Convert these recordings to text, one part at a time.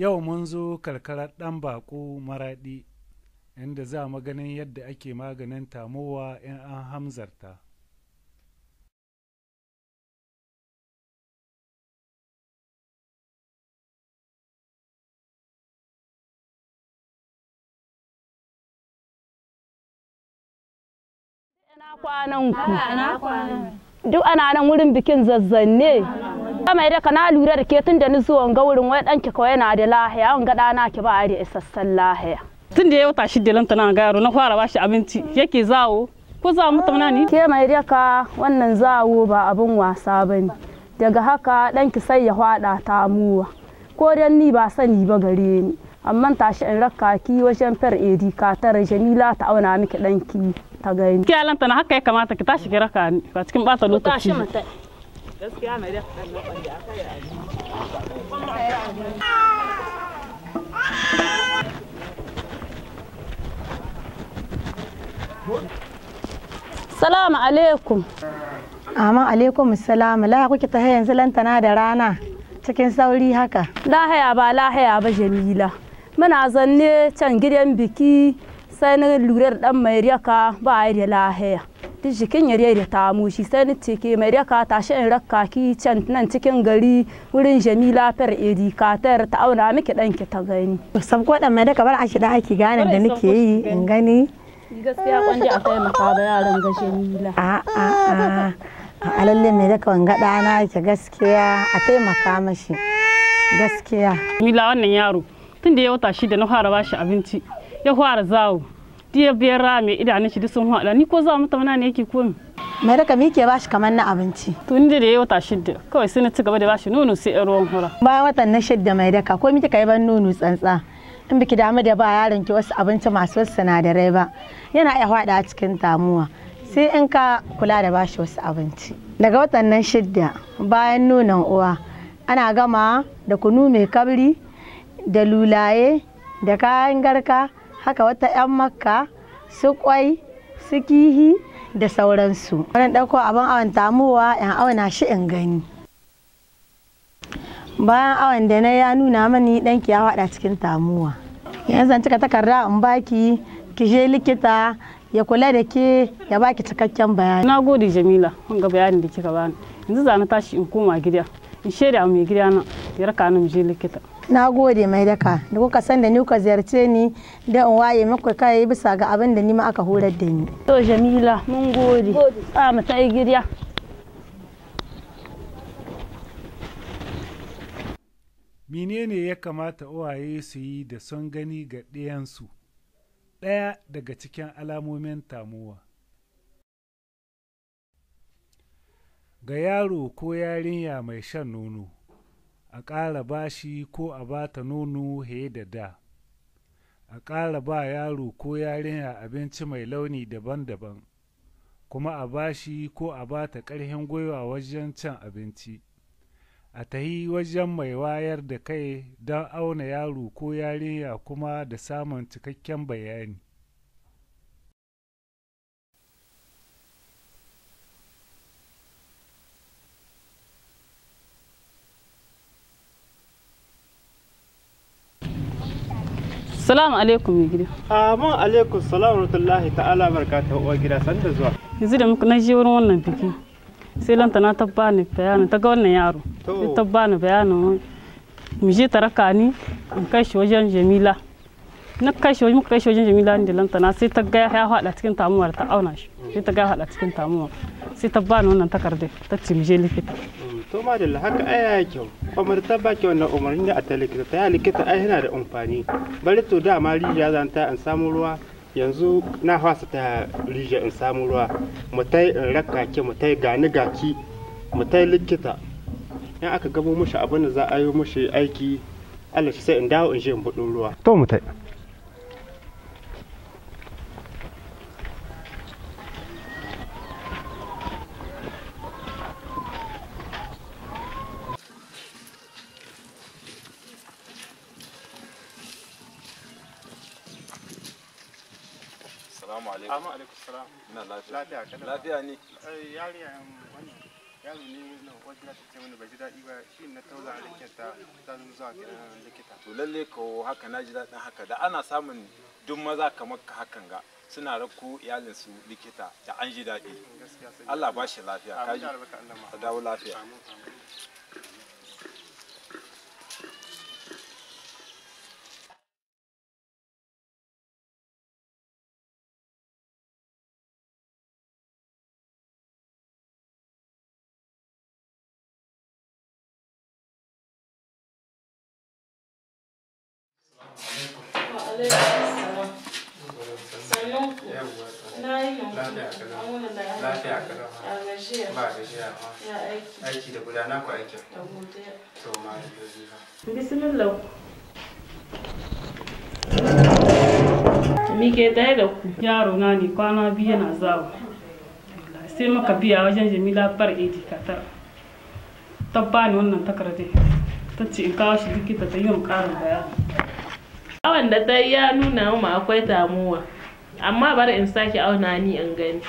yau mun zo karkarar ɗan baƙo maraɗi inda za mu ganin yadda ake maganin tamowa in an hamzarta Duk ana nan wurin bikin zazzanne. mai da kana lura da ke tun da ni zuwa ga wurin wai danki kawai na da lahiya an ga dana ki ba da isassan lahiya tun da ya wata shi da lantana ga yaro na fara bashi abinci yake zawo ko zawo tauna ni. ke mai daka wannan zawo ba abin wasa bane daga haka danki sai ya hwada ta muwa ko dan ni ba sani ba gare ni amma tashi in rakka ki wajen fer edi ka tare jamila ta auna miki danki ta gani ke lantana haka ya kamata ki tashi ki raka ni ba cikin bata lokaci gaskiya mai da Salamu alaikum. Amma alaikum salamu. La kuke ta yanzu lantana da rana cikin sauri haka. Lahaya ba lahaya ba Jamila. Muna zanne can gidan biki sai na lura da dan mai riyaka ba yi da lahaya. duk jikin yare da ta mushi sai ni ce ke mai raka ta shi in rakka ki can nan cikin gari wurin jamila fer edi katar ta auna miki dan ki ta gani sab ko dan mai da kabar a shida aki ganin da nake yi in gani gaskiya kwanje a kai maka da yaran ga jamila a a a a alalle mai da kawan ga na ki gaskiya a taimaka mashi gaskiya jamila wannan yaro tun da ya wata shida na fara bashi abinci ya fara zawo diya biyar rami idanu shi sun haɗa ni ko za mu tauna ne yake komi. mai raka mi ke bashi kamar na abinci. tun da ya wata shidda kawai sai na ci gaba da bashi nono sai yan ruwan hura. bayan watan na shidda mai daka ko miki kai ban nono tsantsa in biki damu da ba yaron ki wasu abinci masu wasu sinadarai ba yana iya haɗa a cikin tamuwa sai in ka kula da bashi wasu abinci. daga watan nan shidda bayan nonon uwa ana gama da kunu mai kabri da lulaye da kayan garka haka wata 'yan makka su kwai su kihi da sauransu wani ɗauko abin awon tamuwa yan auna shi in gani bayan awon da na ya nuna mani ɗanki ya faɗa cikin tamuwa yanzu zan cika takarda in baki ki je likita ya kula da ke ya baki cikakken bayani na gode jamila kun ga bayani da kika bani yanzu zana tashi in koma gida in shaida mai gida na ya raka na je likita na gode mai daka da kuka san da ni kuka ziyarce ni da in waye muku kai bisa ga abin da ni ma aka horar da ni to jamila mun gode a mu ta girya menene ya kamata uwaye su yi da son gani ga ɗayansu ɗaya daga cikin alamomin tamuwa ga yaro ko yarinya mai shan nono a ƙara ba shi ko a ba ta nono haye da da a ƙara ba yaro ko yarinya abinci mai launi daban-daban kuma a ba shi ko a ba ta ƙarhin gwiwa wajen cin abinci a tahi wajen mai wayar da kai don auna yaro ko yarinya kuma da samun cikakken bayani Salamu alaikum ya gida. Amma alaikum salamu rahmatullahi ta'ala ta uwa gida san da zuwa. Yanzu da muka naji wurin wannan biki. Sai lanta na tabba ni bayanin ta ga wannan yaro. Ta ni bayanin mu je taraka ni in kai shi wajen Jamila. Na kai shi muka kai shi wajen Jamila da lanta na sai ta ga ya hada cikin tamuwar ta auna shi. Sai ta ga hada cikin tamuwar. Sai ta ni wannan takardar ta ce mu je likita. to da haka ai ya kyau umarta ba ki wannan umarni da a ta likita ta likita ai yana da amfani bari to da ma rijiya zan ta in samu ruwa yanzu na fasa ta rija in samu ruwa mu tai in raka ki mu tai gani gaki mu tai likita in aka gabo mushi abin da za a yi mushi aiki Allah shi sai in dawo in je in buɗin ruwa to mu tai Assalamu alaikum. Assalamu alaikum eh, um, yaro ne na wajen da bai ji daɗi ba shi na tauza a likita ta zuwa likita. To lalle ko haka na ji daɗin haka da ana samun duk maza kamar ka hakan ga suna rako iyalinsu likita da an ji daɗi. Allah ba shi lafiya. Ka Ka dawo lafiya. sannan ku na da ku aikin ku yaro na ne kwana biyu yana zawo sai maka biya wajen jamila bar edi tara ta bani wannan takardar ta ce in kawo shi likita ta yi ƙarin bayani awon da ta ya nuna mu akwai tamuwa amma bari in sake auna ni in gani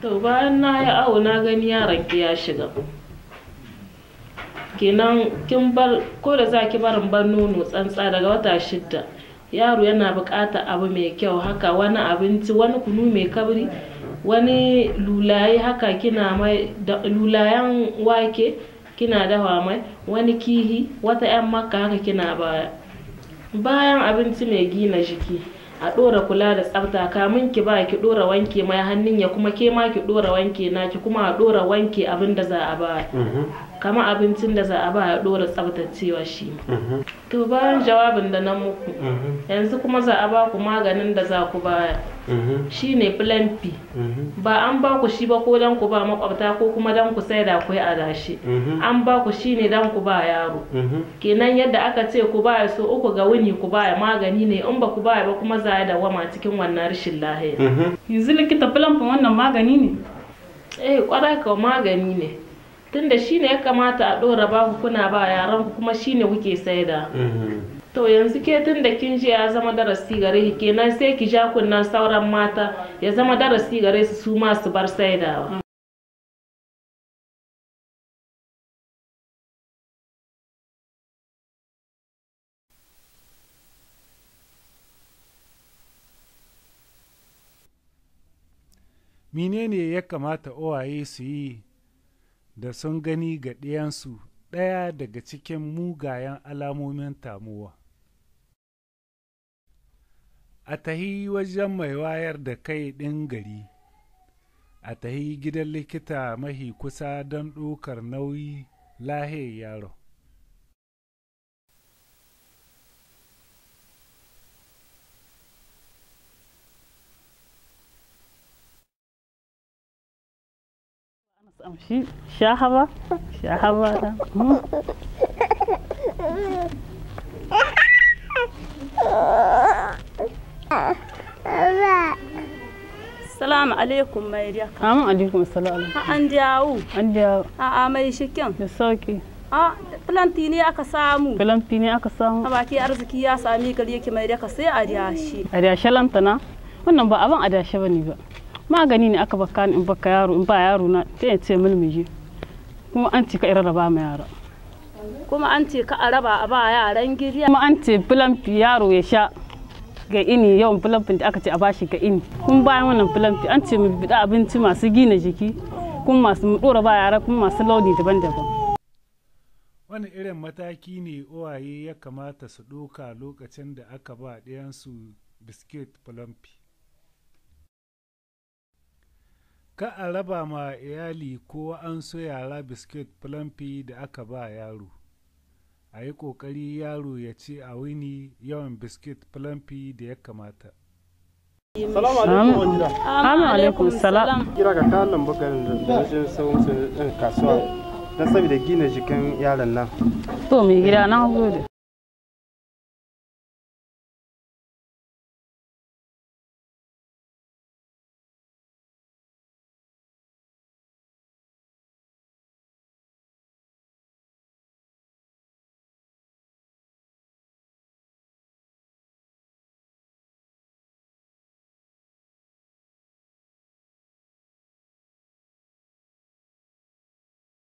to bayan na yi awo na gani yaron ki ya shiga kenan kin bar ko da za ki barin bar nono tsantsa daga wata shidda yaro yana bukata abu mai kyau haka wani abinci wani kunu mai kabri wani lulaye haka kina mai lulayen wake kina dafa mai wani kihi wata 'yan maka haka kina baya bayan abinci mai gina jiki a ɗora kula da tsafta kamun ki ba ki ɗora wanke mai hannun ya kuma ke ma ki ɗora wanke naki kuma a ɗora wanke abin da za a ba mm-hmm. kama abincin da za a ba ya dora tsabtacewa shi mhm. to bayan jawabin da na muku mhm. yanzu kuma za a ba ku maganin da za ku baya mhm. shi ne plan p ba an ba ku shi ba ko dan ku ba makwabta ko kuma dan ku sai da kai adashi an ba ku shi ne dan ku ba yaro kenan yadda aka ce ku baya so uku ga wuni ku baya magani ne in ba ku baya ba kuma za da wama cikin wannan rashin lahiya yanzu likita plan wannan magani ne eh kwarai ka magani ne tunda shine ya kamata a ɗora baku kuna ba yaran ku kuma shine kuke saida mhm. to yanzu ke tun da kin ji ya zama darasi gare ki kenan sai ki ja kunnan sauran mata ya zama darasi gare su su ma su bar saidawa menene ya kamata owaye su yi da sun gani ga ɗiyansu ɗaya daga cikin mugayen alamomin tamuwa. A tahi wajen mai wayar da kai ɗin gari, a tahi gidan likita mahi kusa don ɗaukar nauyi lahe yaro. Amshi shahaba shahaba da. Hmm? Salamu alaikum mai riya. Amin alaikum salamu. An jawo. An jawo. A'a mai shikin. Da sauki. a filanti ne aka samu filanti ne aka samu a baki arziki ya sami gari yake mai ka sai a shi. a shalanta lantana wannan ba abin a ba ne ba magani ne aka baka in baka yaro in ba yaro na sai ya ce mulmiji kuma an ce ka ba ma yara kuma an ce ka araba a ba yaran giriya kuma an ce bulamfi yaro ya sha ga ini yawan bulamfin da aka ce a bashi ga ini kuma bayan wannan bulamfi an ce mu bida abinci masu gina jiki kuma masu dora ba yara kuma masu launi daban-daban wani irin mataki ne uwaye ya kamata su ɗoka lokacin da aka ba ɗayansu biskit plumpy ka a raba ma iyali ko an so yara biskit plumpy da aka ba yaro a yi kokari yaro ya ci a wini yawan biskit plumpy da ya kamata salamu alaikum salam kira ga kayan lambugarin da jin sauran eh, kasuwa don saboda gina jikin yaron nan to mai gida na gode